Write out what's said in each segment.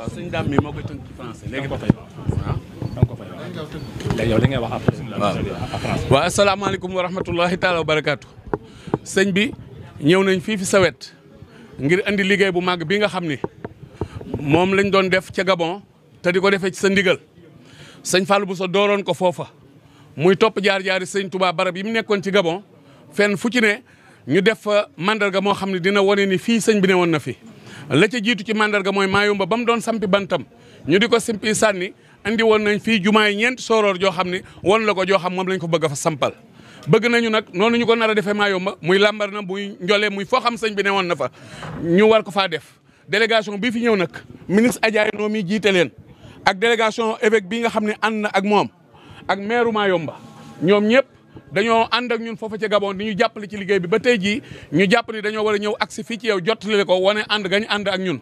waaw warahmatullahi taala wa barakaatu sëñ bi ñëw nañ fii fi sawet ngir andi liggéey bu mag bi nga xam ni lañ doon def ca Gabon te di ko defee ci sa ndigal sëñ Fallou Bousso dooroon ko foofa muy topp jaar-jaari sëñ Touba barab yi mu ci Gabon Fen fu ci ne ñu def fa mandarga moo xam dina wane ni fii sëñ bi ne woon na fi la jiitu ci mandarga mooy ma yomba bam doon sampi bantam ñu di ko simpi sànni indi woon nañ fii jumaay ñeenti sooroor joo xam ne woon la ko joo xam moom lañ ko bëgg fa sampal bëgg nañu nag noonu ñu ko nar a defee yomba muy làmbar na muy njolee muy foo xam sañ bi ne woon na fa ñu war ko faa def délégation bii fi ñëw nag ministre Adja Ndoo mi jiite leen ak délégation évêque bii nga xam ne ànd na ak moom ak maire yomba ñoom ñëpp dañoo ànd ak ñun foofa ca Gabon di ñu jàppale ci liggéey bi ba tey jii ñu jàpp dañoo war a ñëw agsi fii ci yow jottali ko wane ànd gañ ànd ak ñun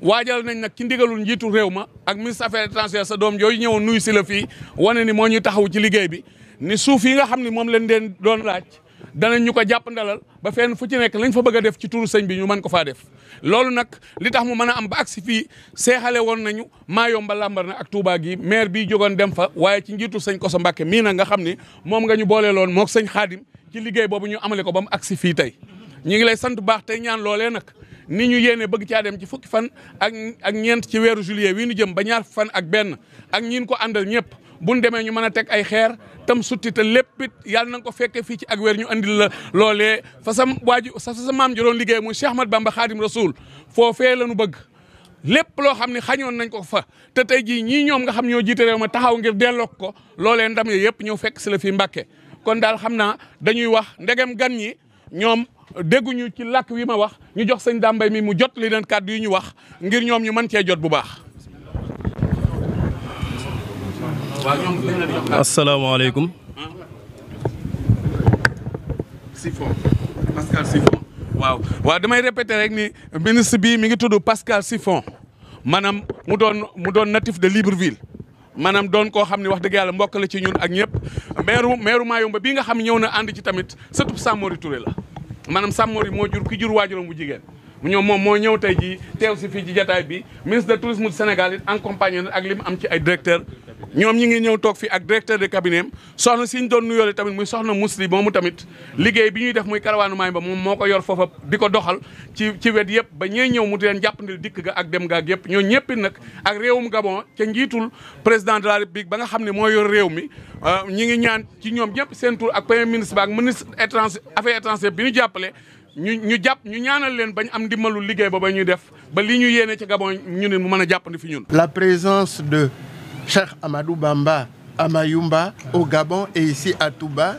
waajal nañ nag ci ndigalul njiitu réew ma ak ministre affaires étrangères sa doom yooyu ñëwoon nuyu si la fii wane ni moo ñuy taxaw ci liggéey bi ni suuf yi nga xam ne moom lañ leen doon laaj danañ ñu ko jàpp ndalal ba fenn fu ci nekk lañ fa bëgg def ci turu sëñ bi ñu mën ko faa def loolu nag li tax mu mën a am ba agsi fii seexale woon nañu maa yomba lambar na ak Touba gi maire bi jógoon dem fa waaye ci njiitu sëñ Koso Mbàkke mii na nga xam ne moom nga ñu booleeloon mook sëñ Xaadim ci liggéey boobu ñu amale ko ba mu agsi fii tey ñu ngi lay sant baax tey ñaan loolee nag ni ñu yéene bëgg caa dem ci fukki fan ak ak ñeent ci weeru juillet wi ñu jëm ba ñaar fan ak benn ak ñin ko àndal ñëpp buñ demee ñu mën a teg ay xeer tam sutti te lépp it yàlla ko fekkee fii ci ak weer ñu andil la loolee fa sam waaju sa sa maam ji liggéey muy Cheikh Ahmad Bamba Khadim Rasoul foofee la ñu bëgg lépp loo xam ne xañoon nañ ko fa te tey jii ñii ñoom nga xam ñoo jiite réew ma taxaw ngir delloo ko loolee ndam ye yëpp ñëw fekk si la fii Mbàkke kon daal xam naa dañuy wax ndegem gan ñi ñoom dégguñu ci lakk wi ma wax ñu jox sëñ Dame Mbaye mi mu jot li leen kàddu yu ñu wax ngir ñoom ñu mën cee jot bu baax asalaamaaleykum. Siffon waaw waaw damay répéter rek ni ministre bi mi ngi tudd Pascal Siffon maanaam mu doon mu doon natif de Libreville. maanaam doon koo xam ne wax dëgg yàlla mbokk la ci ñun ak ñëpp maire maire Mayumba bii nga xam ñëw na ànd ci tamit sëtub Samori Touré la maanaam Samori moo jur ki jur waajuram bu jigéen. mu moom moo ñëw tey jii teew si fii ci jataay bi ministre de tourisme du Sénégal it accompagné ak li mu am ci ay directeur ñoom ñi ngi ñëw toog fii ak directeur de cabinet am soxna si ñu doon nuyoole tamit muy soxna musli moomu tamit liggéey bi ñuy def muy karawaanu maay ba moom moo ko yor foofa di ko doxal ci ci wet yëpp ba ñee ñëw mu di leen jàppandil dikk ga ak dem ga ak yëpp ñoo ñëppi nag ak réewum Gabon ca njiitul président de la république ba nga xam ne moo yor réew mi euh, ñi ngi ñaan ci ñoom ñëpp seen tur ak premier ministre ba ak ministre étranger bi ñu jàppale La présence de Cheikh Amadou Bamba à Mayumba au Gabon et ici à Touba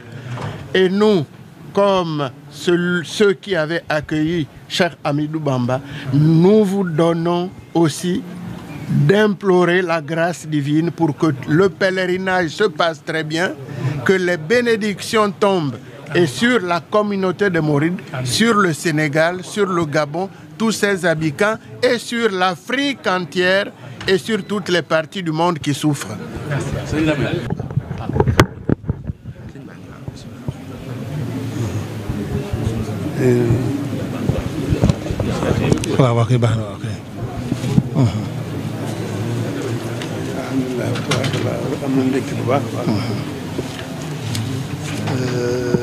et nous comme ceux qui avaient accueilli Cheikh Amadou Bamba, nous vous donnons aussi d'implorer la grâce divine pour que le pèlerinage se passe très bien, que les bénédictions tombent et sur la communauté de Mauride, sur le Sénégal, sur le Gabon, tous ses habitants et sur l'Afrique entière et sur toutes les parties du monde qui souffrent. Ah. Mmh. Euh,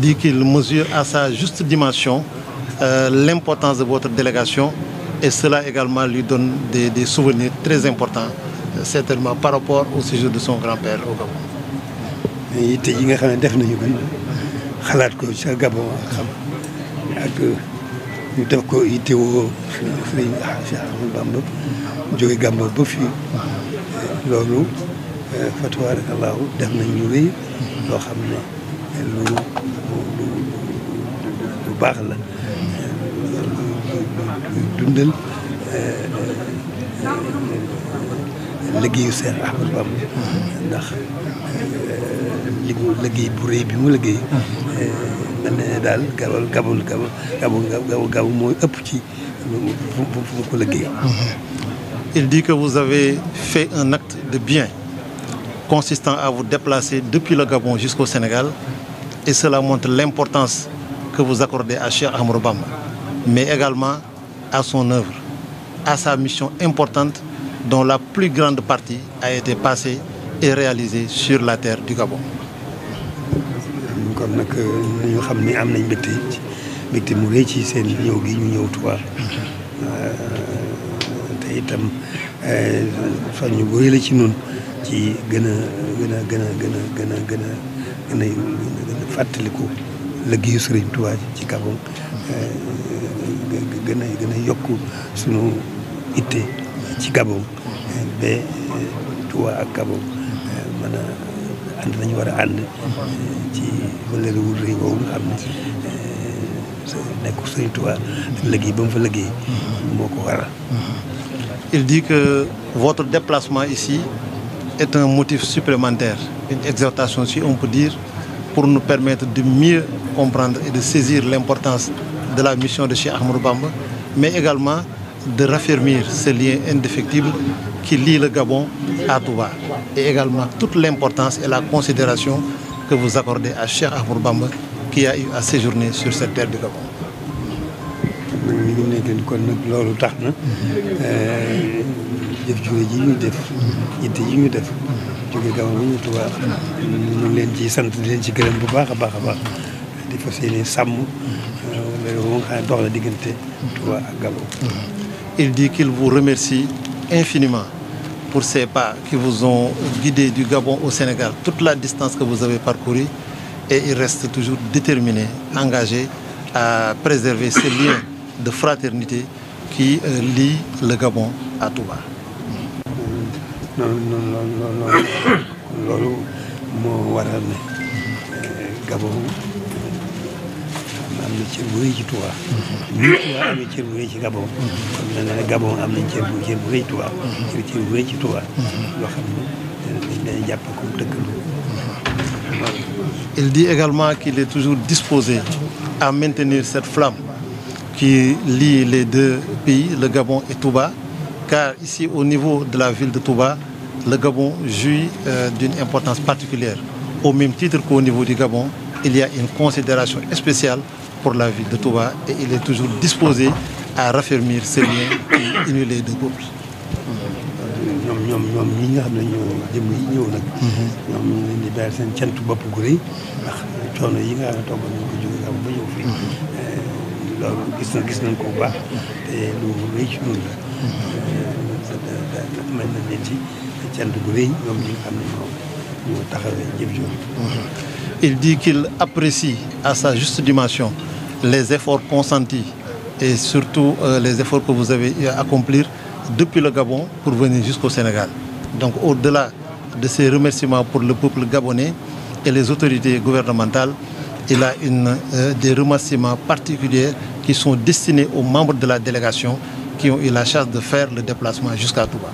dit qu'il mesure à sa juste dimension euh, l'importance de votre délégation et cela également lui donne des, souvenirs très importants, euh, certainement par rapport au sujet de son grand-père au Gabon. Euh, Il dit que vous avez fait un acte de bien consistant à vous déplacer depuis le Gabon jusqu'au Sénégal et cela montre l'importance que vous accordez à Cheikh Ahmadou mais également à son œuvre, à sa mission importante dont la plus grande partie a été passée et réalisée sur la terre du Gabon. Eh, eh, il dit que votre déplacement ici est un motif supplémentaire une exhortation si on peut dire pour nous permettre de mieux comprendre et de saisir l'importance de la mission de Cheikh Ahmadou Bamba, mais également de raffermir ce lien indéfectible qui lie le Gabon à Touba. Et également toute l'importance et la considération que vous accordez à Cheikh Ahmadou Bamba qui a eu à séjourner sur cette terre du Gabon il dit qu'il vous remercie infiniment pour ces pas qui vous ont guidé du Gabon au Sénégal toute la distance que vous avez parcourue et il reste toujours déterminé engagé à préserver ces liens de fraternité qui euh, lie le Gabon à Touba il dit également qu'il est toujours disposé à maintenir cette flamme qui lie les deux pays, le Gabon et Touba car ici au niveau de la ville de Touba, le Gabon jouit euh, d'une importance particulière. Au même titre qu'au niveau du Gabon, il y a une considération spéciale pour la ville de Touba et il est toujours disposé à raffermir ses liens et unir les deux groupes il dit qu'il apprécie à sa juste dimension les efforts consentis et surtout euh, les efforts que vous avez accomplir depuis le Gabon pour venir jusqu'au Sénégal. Donc au-delà de ces remerciements pour le peuple gabonais et les autorités gouvernementales, il a une, euh, des remerciements particuliers qui sont destinés aux membres de la délégation qui ont eu la chance de faire le déplacement jusqu'à Touba.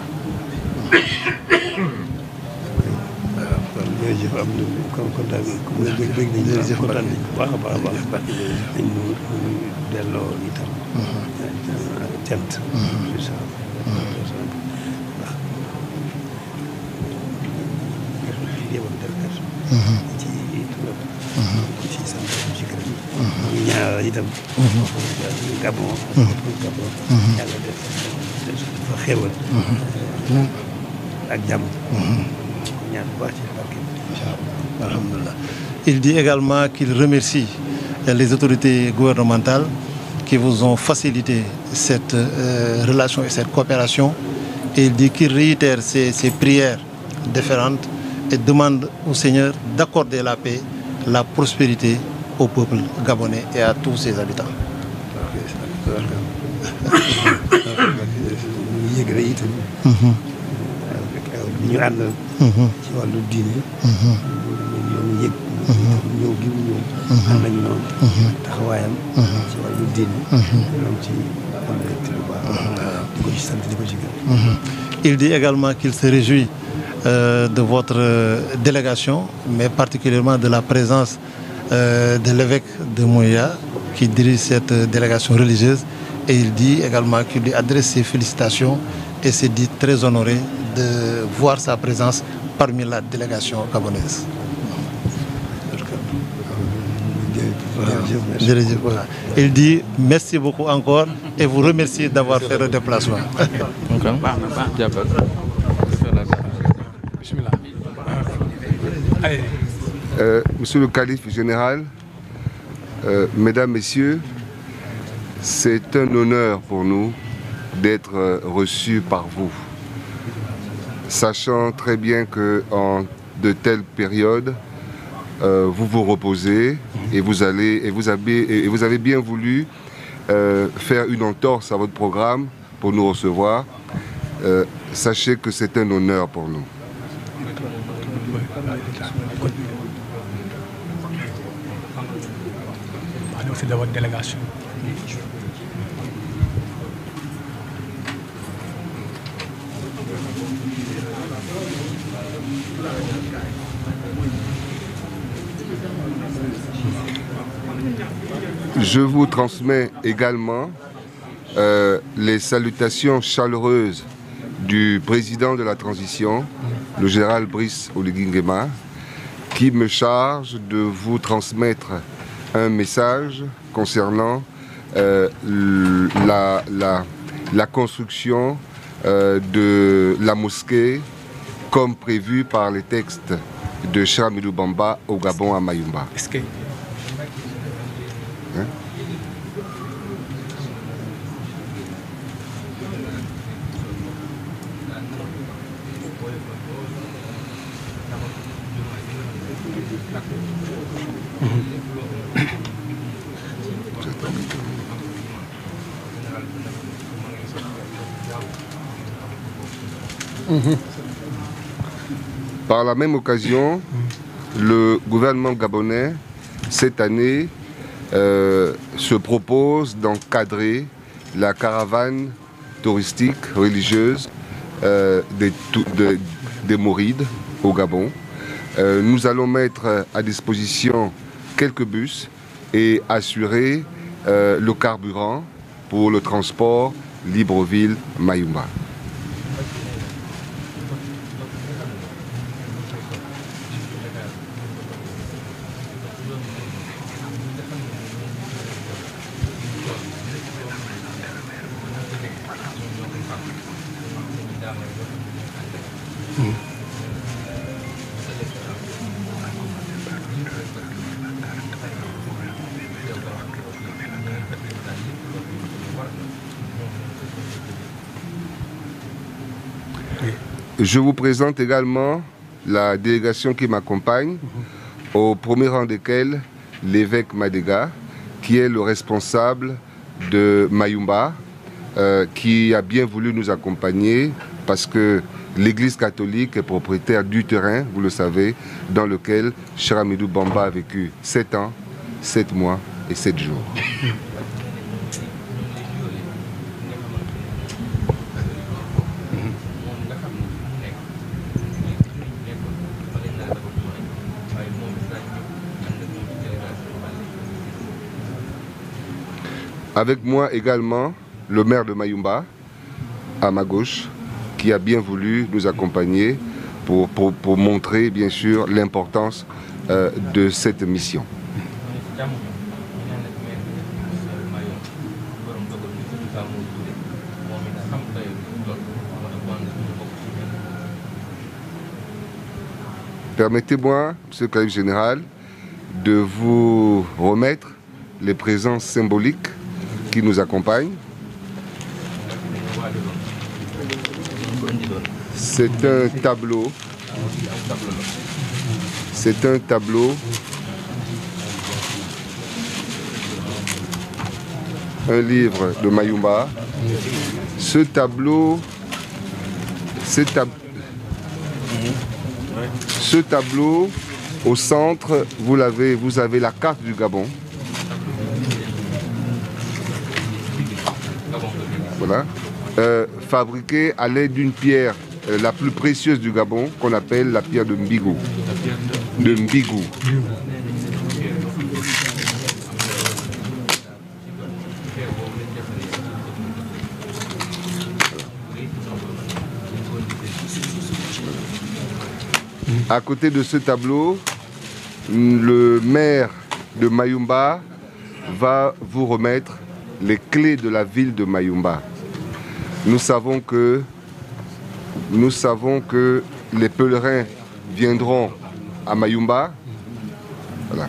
il dit également qu'il remercie les autorités gouvernementales qui vous ont facilité cette euh, relation et cette coopération. Et il dit qu'il réitère ses, ses prières différentes et demande au Seigneur d'accorder la paix, la prospérité au peuple gabonais et à tous ses habitants. Il dit également qu'il se réjouit euh, de votre euh, délégation, mais particulièrement de la présence euh, de l'évêque de Moya qui dirige cette délégation religieuse et il dit également qu'il lui adresse ses félicitations et s'est dit très honoré de voir sa présence parmi la délégation gabonaise. Il dit merci beaucoup encore et vous remercie d'avoir fait le déplacement. Euh, monsieur le calife général, euh, mesdames, messieurs, c'est un honneur pour nous d'être euh, reçus par vous. Sachant très bien que en de telles périodes, vous vous reposez et vous, allez, avez, et vous avez bien voulu faire une entorse à votre programme pour nous recevoir. sachez que c'est un honneur pour nous. de votre délégation. Je vous transmets également euh, les salutations chaleureuses du président de la transition, le général Brice Oligingema, qui me charge de vous transmettre un message concernant euh, la, la, construction euh, de la mosquée comme prévu par les textes de Chamilou Bamba au Gabon à Mayumba. Hein? Par la même occasion, le gouvernement gabonais, cette année, euh, se propose d'encadrer la caravane touristique religieuse euh, des, Mourides au Gabon. Euh, nous allons mettre à disposition quelques bus et assurer le carburant pour le transport Libreville-Mayumba. Je vous présente également la délégation qui m'accompagne, au premier rang desquels l'évêque Madega, qui est le responsable de Mayumba, euh, qui a bien voulu nous accompagner parce que l'Église catholique est propriétaire du terrain, vous le savez, dans lequel Sharamidou Bamba a vécu 7 ans, 7 mois et 7 jours. Avec moi également le maire de Mayumba, à ma gauche, qui a bien voulu nous accompagner pour, pour, montrer bien sûr l'importance euh, de cette mission. Permettez-moi, Monsieur le Calife Général, de vous remettre les présences symboliques qui nous accompagne. C'est un tableau. C'est un tableau. Un livre de Mayumba. Ce tableau. Ce, ce tableau, au centre, vous, vous avez la carte du Gabon. Euh, fabriquée à l'aide d'une pierre euh, la plus précieuse du Gabon, qu'on appelle la pierre de Mbigo. De Mbigo. À côté de ce tableau, mm, le maire de Mayumba va vous remettre les clés de la ville de Mayumba. Nous savons que, nous savons que les pèlerins viendront à Mayumba. Voilà.